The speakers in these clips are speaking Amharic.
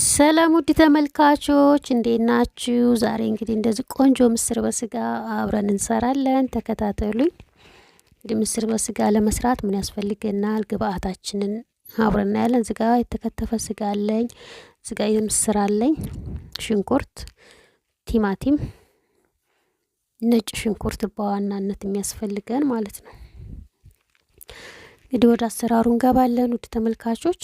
ሰላም ውድ ተመልካቾች እንዴት ናችሁ? ዛሬ እንግዲህ እንደዚህ ቆንጆ ምስር በስጋ አብረን እንሰራለን። ተከታተሉኝ። እንግዲህ ምስር በስጋ ለመስራት ምን ያስፈልገናል? ግብአታችንን አብረን እናያለን። ዝጋ የተከተፈ ስጋ አለኝ፣ ስጋ ምስር አለኝ፣ ሽንኩርት፣ ቲማቲም፣ ነጭ ሽንኩርት በዋናነት የሚያስፈልገን ማለት ነው። እንግዲህ ወደ አሰራሩ እንገባለን ውድ ተመልካቾች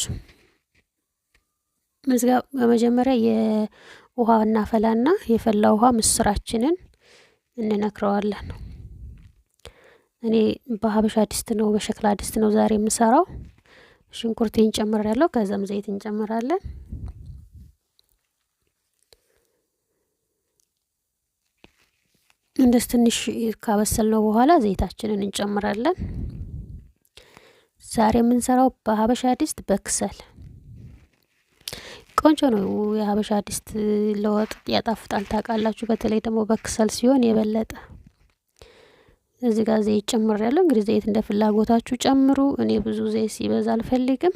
እዚጋ በመጀመሪያ የውሃ እናፈላና የፈላ ውሃ ምስራችንን እንነክረዋለን። እኔ በሀበሻ ድስት ነው በሸክላ ድስት ነው ዛሬ የምሰራው። ሽንኩርት እንጨምራለሁ። ከዛም ዘይት እንጨምራለን። እንደስ ትንሽ ካበሰልነው በኋላ ዘይታችንን እንጨምራለን። ዛሬ የምንሰራው በሀበሻ ድስት በክሰል ቆንጆ ነው። የሀበሻ ድስት ለወጥ ያጣፍጣል ታውቃላችሁ። በተለይ ደግሞ በክሰል ሲሆን የበለጠ እዚህ ጋር ዘይት ጨምር ያለው እንግዲህ ዘይት እንደ ፍላጎታችሁ ጨምሩ። እኔ ብዙ ዘይት ሲበዛ አልፈልግም፣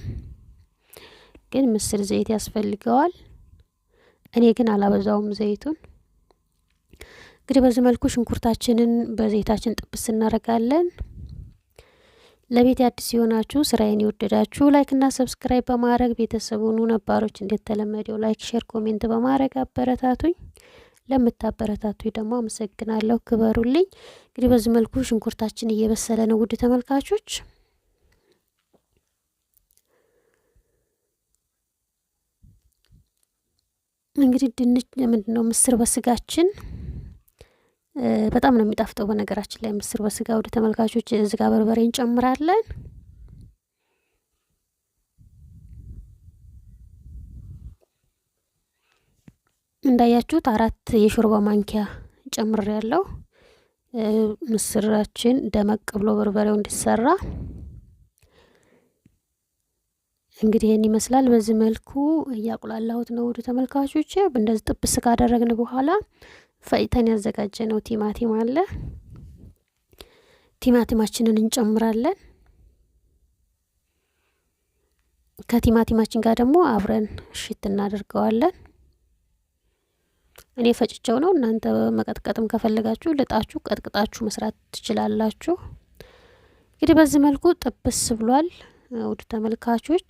ግን ምስር ዘይት ያስፈልገዋል። እኔ ግን አላበዛውም ዘይቱን። እንግዲህ በዚህ መልኩ ሽንኩርታችንን በዘይታችን ጥብስ እናደርጋለን። ለቤት አዲስ የሆናችሁ ስራዬን የወደዳችሁ እና ሰብስክራይብ በማድረግ ቤተሰቡኑ ነባሮች እንደተለመደው ላይክ፣ ሼር፣ ኮሜንት በማድረግ አበረታቱኝ። ለምታበረታቱኝ ደግሞ አመሰግናለሁ፣ ክበሩልኝ። እንግዲህ በዚህ መልኩ ሽንኩርታችን እየበሰለ ነው ውድ ተመልካቾች። እንግዲህ ድንች ምንድነው ነው ምስር በስጋችን በጣም ነው የሚጣፍጠው። በነገራችን ላይ ምስር በስጋ ወደ ተመልካቾች እዚጋ በርበሬ እንጨምራለን። እንዳያችሁት አራት የሾርባ ማንኪያ ጨምር ያለው ምስራችን ደመቅ ብሎ በርበሬው እንዲሰራ እንግዲህ ይህን ይመስላል። በዚህ መልኩ እያቁላላሁት ነው ወደ ተመልካቾች። እንደዚህ ጥብስ ካደረግን በኋላ ፈጭተን ነው ቲማቲም አለ። ቲማቲማችንን እንጨምራለን። ከቲማቲማችን ጋር ደግሞ አብረን ሽት እናደርገዋለን። እኔ ፈጭቸው ነው። እናንተ መቀጥቀጥም ከፈለጋችሁ ልጣችሁ ቀጥቅጣችሁ መስራት ትችላላችሁ። እንግዲህ በዚህ መልኩ ጥብስ ብሏል ውድ ተመልካቾች።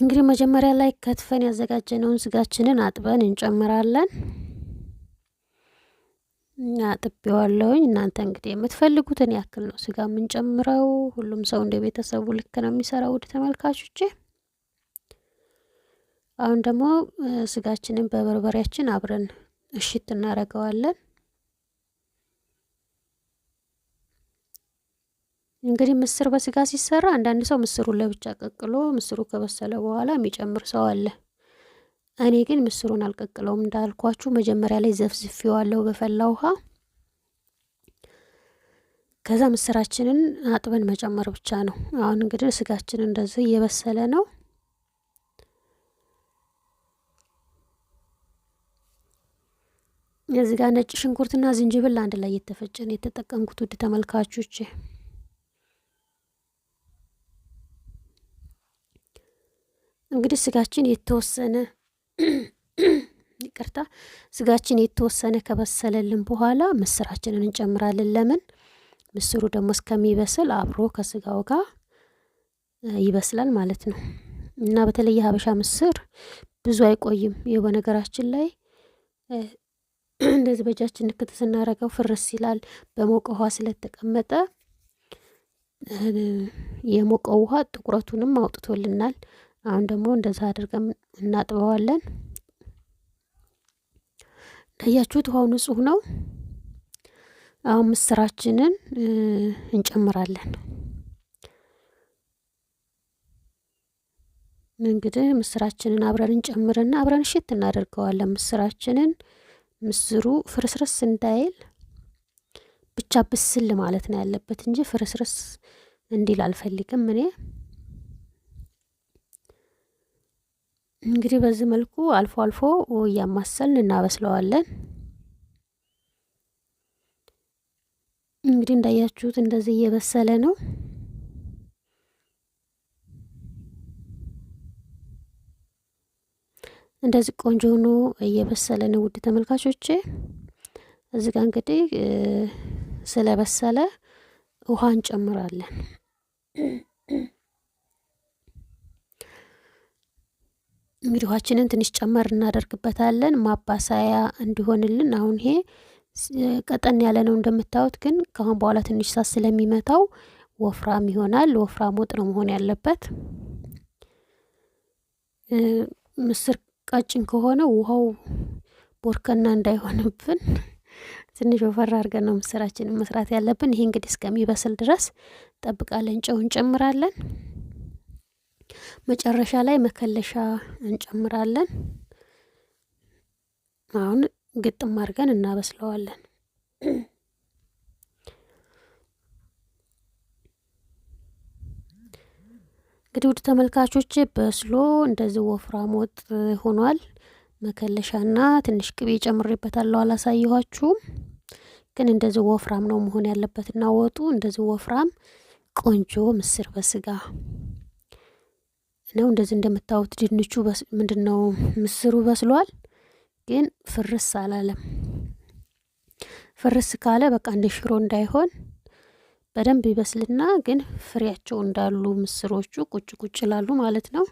እንግዲህ መጀመሪያ ላይ ከትፈን ያዘጋጀነውን ስጋችንን አጥበን እንጨምራለን። አጥቤዋለሁኝ። እናንተ እንግዲህ የምትፈልጉትን ያክል ነው ስጋ የምንጨምረው። ሁሉም ሰው እንደ ቤተሰቡ ልክ ነው የሚሰራው። ውድ ተመልካቾቼ፣ አሁን ደግሞ ስጋችንን በበርበሬያችን አብረን እሽት እናደርገዋለን። እንግዲህ ምስር በስጋ ሲሰራ አንዳንድ ሰው ምስሩን ለብቻ ቀቅሎ ምስሩ ከበሰለ በኋላ የሚጨምር ሰው አለ። እኔ ግን ምስሩን አልቀቅለውም። እንዳልኳችሁ መጀመሪያ ላይ ዘፍዝፌዋለሁ በፈላ ውሃ። ከዛ ምስራችንን አጥበን መጨመር ብቻ ነው። አሁን እንግዲህ ስጋችን እንደዚህ እየበሰለ ነው። እዚህ ጋር ነጭ ሽንኩርትና ዝንጅብል አንድ ላይ የተፈጨ ነው የተጠቀምኩት ውድ ተመልካቾቼ። እንግዲህ ስጋችን የተወሰነ ይቅርታ፣ ስጋችን የተወሰነ ከበሰለልን በኋላ ምስራችንን እንጨምራለን። ለምን ምስሩ ደግሞ እስከሚበስል አብሮ ከስጋው ጋር ይበስላል ማለት ነው። እና በተለይ የሀበሻ ምስር ብዙ አይቆይም። ይህ በነገራችን ላይ እንደዚህ በእጃችን ንክት ስናረገው ፍርስ ይላል። በሞቀ ውሃ ስለተቀመጠ የሞቀ ውሃ ጥቁረቱንም አውጥቶልናል። አሁን ደግሞ እንደዛ አድርገን እናጥበዋለን። እንዳያችሁት ውሃው ንጹህ ነው። አሁን ምስራችንን እንጨምራለን። እንግዲህ ምስራችንን አብረን እንጨምርና አብረን እሽት እናደርገዋለን። ምስራችንን ምስሩ ፍርስርስ እንዳይል ብቻ ብስል ማለት ነው ያለበት እንጂ ፍርስርስ እንዲል አልፈልግም እኔ። እንግዲህ በዚህ መልኩ አልፎ አልፎ እያማሰልን እናበስለዋለን። እንግዲህ እንዳያችሁት እንደዚህ እየበሰለ ነው። እንደዚህ ቆንጆ ሆኖ እየበሰለ ነው። ውድ ተመልካቾቼ እዚህ ጋር እንግዲህ ስለበሰለ ውሃ እንጨምራለን። እንግዲህ ውሃችንን ትንሽ ጨመር እናደርግበታለን ማባሳያ እንዲሆንልን። አሁን ይሄ ቀጠን ያለ ነው እንደምታዩት፣ ግን ከአሁን በኋላ ትንሽ ሳት ስለሚመታው ወፍራም ይሆናል። ወፍራም ወጥ ነው መሆን ያለበት። ምስር ቀጭን ከሆነ ውሃው ቦርከና እንዳይሆንብን ትንሽ ወፈራ አድርገን ነው ምስራችንን መስራት ያለብን። ይሄ እንግዲህ እስከሚበስል ድረስ ጠብቃለን። ጨው እንጨምራለን። መጨረሻ ላይ መከለሻ እንጨምራለን። አሁን ግጥም አድርገን እናበስለዋለን። እንግዲህ ውድ ተመልካቾች በስሎ እንደዚህ ወፍራም ወጥ ሆኗል። መከለሻና ትንሽ ቅቤ ጨምሬበታለሁ። አላሳየኋችሁም ግን እንደዚህ ወፍራም ነው መሆን እና ወጡ እንደዚህ ወፍራም ቆንጆ ምስር በስጋ ነው። እንደዚህ እንደምታዩት ድንቹ ምንድን ነው ምስሩ በስሏል፣ ግን ፍርስ አላለም። ፍርስ ካለ በቃ እንደ ሽሮ እንዳይሆን በደንብ ይበስልና ግን ፍሬያቸው እንዳሉ ምስሮቹ ቁጭ ቁጭ ይላሉ ማለት ነው።